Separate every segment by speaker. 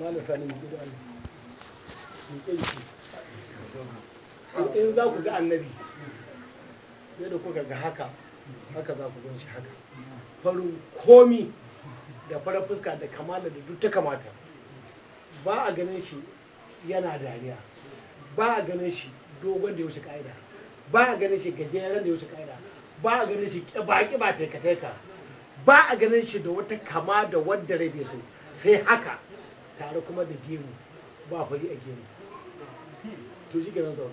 Speaker 1: malam sani mu gudu Allah in za ku ga annabi yadda kuka ga haka haka za ku gan shi haka farin komi da farar fuska da kamala da duk ta kamata ba a ganin shi yana dariya ba a ganin shi dogon da ya wuce ka'ida ba a ganin shi gajeren da ya wuce ka'ida ba a ganin shi baki ba taika taika ba a ganin shi da wata kama da wadda rai bai so sai haka tare kuma da gemu ba fari a gemu to shi ke nan zaune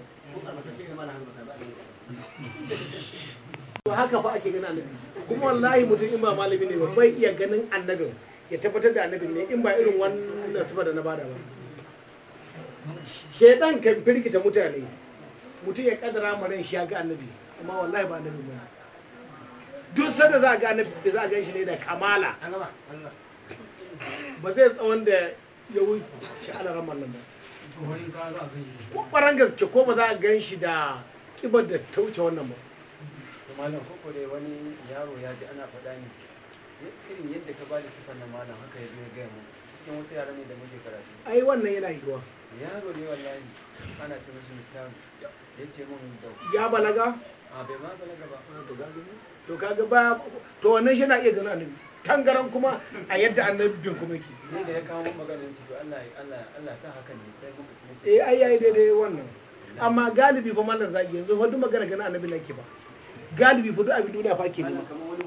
Speaker 1: to haka fa ake ganin annabi kuma wallahi mutum in ba malami ne ba bai iya ganin annabin ya tabbatar da annabin ne in ba irin wannan sifa da na bada ba shedan kan firgita mutane mutum ya kadara maran shi ya ga annabi amma wallahi ba annabi ba duk sanda za a ga annabi za a gan shi ne da kamala ba zai tsawon da ya wuce alaran ko ɓaran gaske ko ba za a gan shi da kibar da ta wuce wannan ba malam koko dai wani yaro ya ji ana faɗa ne irin yadda ka bada sifar na malam haka ya zo ya gaya mu cikin wasu yara ne da muke karatu ai wannan yana yiwuwa yaro ne wallahi ana ce mishi mutum ya ce mun da ya balaga a bai ma balaga ba to kaga ba to wannan shi na iya gana annabi tangaran kuma a yadda annabi bin kuma yake ne da ya kawo maganin ciki Allah Allah Allah sa haka ne sai kuma eh ai ai daidai wannan amma galibi fa mallan zagi yanzu fa duk magana ganin annabi nake ba galibi fa duk abin duniya fa ke wani